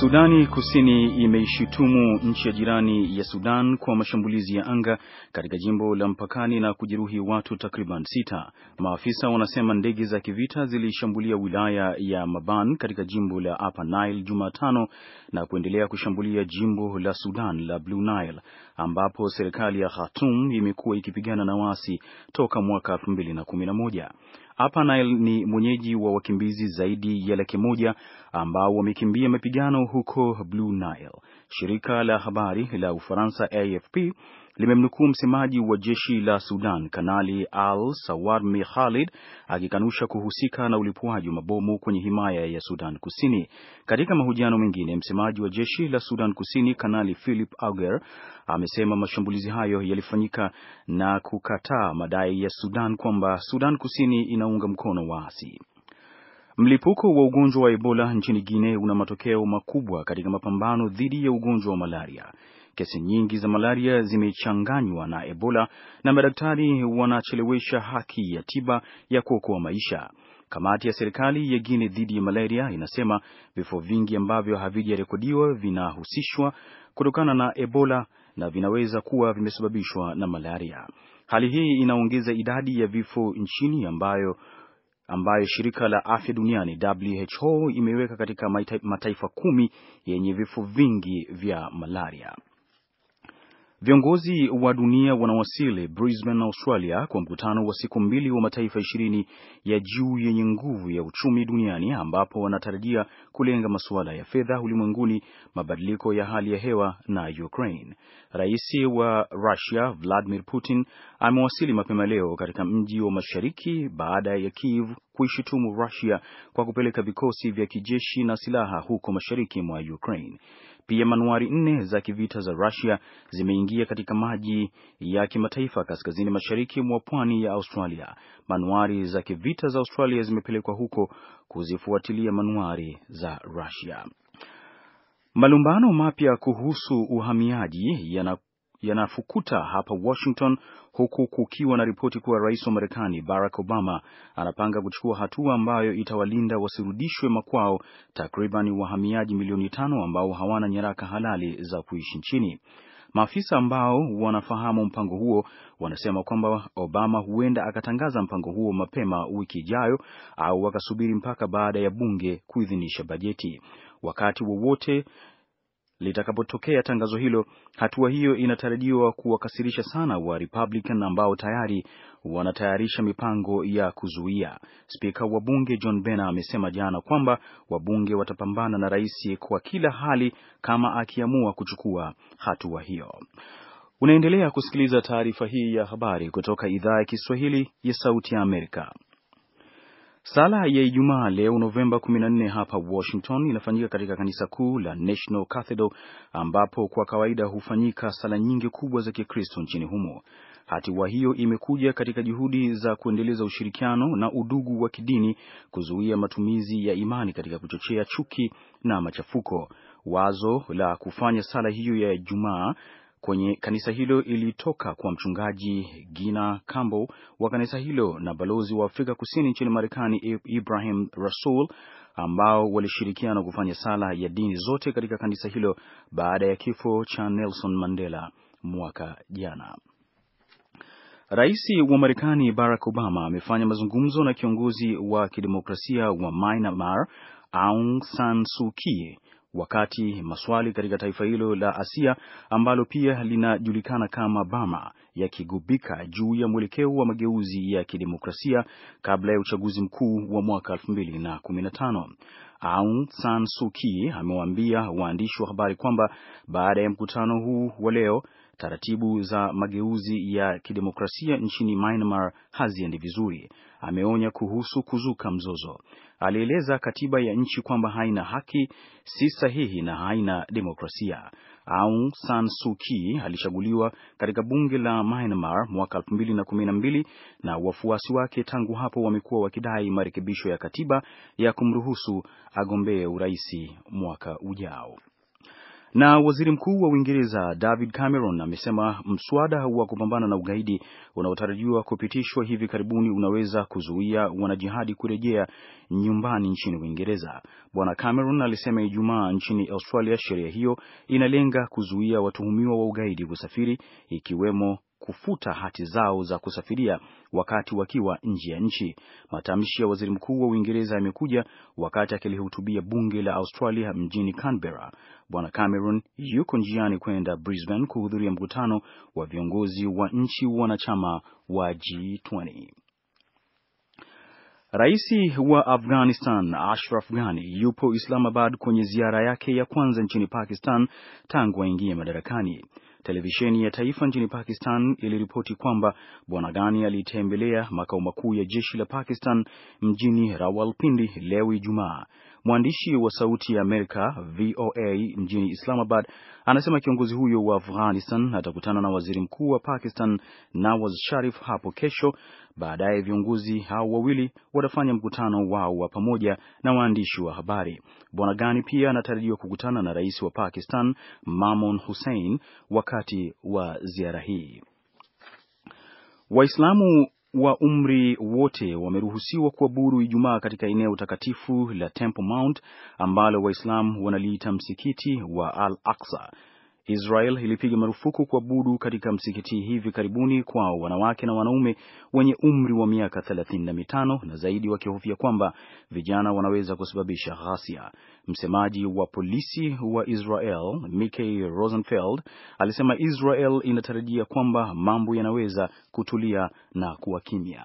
Sudani Kusini imeishutumu nchi ya jirani ya Sudan kwa mashambulizi ya anga katika jimbo la mpakani na kujeruhi watu takriban sita. Maafisa wanasema ndege za kivita zilishambulia wilaya ya Maban katika jimbo la Upper Nile Jumatano na kuendelea kushambulia jimbo la Sudan la Blue Nile ambapo serikali ya Khartoum imekuwa ikipigana na waasi toka mwaka 2011. Upper Nile ni mwenyeji wa wakimbizi zaidi ya laki moja ambao wamekimbia mapigano huko Blue Nile. Shirika la habari la Ufaransa AFP limemnukuu msemaji wa jeshi la Sudan Kanali Al Sawarmi Khalid akikanusha kuhusika na ulipuaji wa mabomu kwenye himaya ya Sudan Kusini. Katika mahojiano mengine, msemaji wa jeshi la Sudan Kusini Kanali Philip Auger amesema mashambulizi hayo yalifanyika na kukataa madai ya Sudan kwamba Sudan Kusini inaunga mkono waasi. Mlipuko wa ugonjwa wa Ebola nchini Guinea una matokeo makubwa katika mapambano dhidi ya ugonjwa wa malaria. Kesi nyingi za malaria zimechanganywa na Ebola na madaktari wanachelewesha haki ya tiba ya kuokoa maisha. Kamati ya serikali ya Guinea dhidi ya malaria inasema vifo vingi ambavyo havijarekodiwa vinahusishwa kutokana na Ebola na vinaweza kuwa vimesababishwa na malaria. Hali hii inaongeza idadi ya vifo nchini ambayo ambayo shirika la afya duniani WHO imeweka katika mataifa kumi yenye vifo vingi vya malaria. Viongozi wa dunia wanawasili Brisbane, Australia kwa mkutano wa siku mbili wa mataifa ishirini ya juu yenye nguvu ya uchumi duniani ambapo wanatarajia kulenga masuala ya fedha ulimwenguni, mabadiliko ya hali ya hewa na Ukraine. Rais wa Russia Vladimir Putin amewasili mapema leo katika mji wa Mashariki baada ya Kiev kuishutumu Rusia kwa kupeleka vikosi vya kijeshi na silaha huko mashariki mwa Ukraine. Pia manuari nne za kivita za Rusia zimeingia katika maji ya kimataifa kaskazini mashariki mwa pwani ya Australia. Manuari za kivita za Australia zimepelekwa huko kuzifuatilia manuari za Rusia. Malumbano mapya kuhusu uhamiaji yana yanafukuta hapa Washington, huku kukiwa na ripoti kuwa rais wa Marekani Barack Obama anapanga kuchukua hatua ambayo itawalinda wasirudishwe makwao takriban wahamiaji milioni tano ambao hawana nyaraka halali za kuishi nchini. Maafisa ambao wanafahamu mpango huo wanasema kwamba Obama huenda akatangaza mpango huo mapema wiki ijayo au wakasubiri mpaka baada ya bunge kuidhinisha bajeti. Wakati wowote litakapotokea tangazo hilo, hatua hiyo inatarajiwa kuwakasirisha sana wa Republican ambao tayari wanatayarisha mipango ya kuzuia. Spika wa bunge John Bena amesema jana kwamba wabunge watapambana na rais kwa kila hali kama akiamua kuchukua hatua hiyo. Unaendelea kusikiliza taarifa hii ya habari kutoka idhaa ya Kiswahili ya Sauti ya Amerika. Sala ya Ijumaa leo Novemba 14 hapa Washington inafanyika katika kanisa kuu la National Cathedral ambapo kwa kawaida hufanyika sala nyingi kubwa za Kikristo nchini humo. Hatua hiyo imekuja katika juhudi za kuendeleza ushirikiano na udugu wa kidini, kuzuia matumizi ya imani katika kuchochea chuki na machafuko. Wazo la kufanya sala hiyo ya Ijumaa kwenye kanisa hilo ilitoka kwa mchungaji Gina Cambo wa kanisa hilo na balozi wa Afrika Kusini nchini Marekani Ibrahim Rasul ambao walishirikiana kufanya sala ya dini zote katika kanisa hilo baada ya kifo cha Nelson Mandela mwaka jana. Rais wa Marekani Barack Obama amefanya mazungumzo na kiongozi wa kidemokrasia wa Myanmar Aung San Suu Kyi wakati maswali katika taifa hilo la Asia ambalo pia linajulikana kama Bama yakigubika juu ya mwelekeo wa mageuzi ya kidemokrasia kabla ya uchaguzi mkuu wa mwaka 2015. Aung San Suu Kyi amewaambia waandishi wa habari kwamba baada ya mkutano huu wa leo taratibu za mageuzi ya kidemokrasia nchini Myanmar haziendi vizuri. Ameonya kuhusu kuzuka mzozo. Alieleza katiba ya nchi kwamba haina haki, si sahihi na haina demokrasia. Aung San Suu Kyi alichaguliwa katika bunge la Myanmar mwaka 2012 na wafuasi wake tangu hapo wamekuwa wakidai marekebisho ya katiba ya kumruhusu agombee uraisi mwaka ujao. Na waziri mkuu wa Uingereza David Cameron amesema mswada wa kupambana na ugaidi unaotarajiwa kupitishwa hivi karibuni unaweza kuzuia wanajihadi kurejea nyumbani nchini Uingereza. Bwana Cameron alisema Ijumaa nchini Australia sheria hiyo inalenga kuzuia watuhumiwa wa ugaidi kusafiri, ikiwemo kufuta hati zao za kusafiria wakati wakiwa nje ya nchi. Matamshi ya waziri mkuu wa Uingereza yamekuja wakati akilihutubia bunge la Australia mjini Canberra. Bwana Cameron yuko njiani kwenda Brisbane kuhudhuria mkutano wa viongozi wa nchi wanachama wa G20. Raisi wa Afghanistan Ashraf Ghani yupo Islamabad kwenye ziara yake ya kwanza nchini Pakistan tangu aingie madarakani. Televisheni ya taifa nchini Pakistan iliripoti kwamba Bwana Ghani alitembelea makao makuu ya jeshi la Pakistan mjini Rawalpindi leo Ijumaa. Mwandishi wa Sauti ya Amerika VOA mjini Islamabad anasema kiongozi huyo wa Afghanistan atakutana na waziri mkuu wa Pakistan Nawaz Sharif hapo kesho Baadaye viongozi hao wawili watafanya mkutano wao wa pamoja na waandishi wa habari. Bwana Gani pia anatarajiwa kukutana na rais wa Pakistan Mamun Hussein wakati wa ziara hii. Waislamu wa umri wote wameruhusiwa kuabudu Ijumaa katika eneo takatifu la Temple Mount ambalo Waislamu wanaliita msikiti wa Al-Aqsa Israel ilipiga marufuku kuabudu katika msikiti hivi karibuni kwa wanawake na wanaume wenye umri wa miaka 35 na na zaidi, wakihofia kwamba vijana wanaweza kusababisha ghasia. Msemaji wa polisi wa Israel Mikey Rosenfeld alisema Israel inatarajia kwamba mambo yanaweza kutulia na kuwa kimya.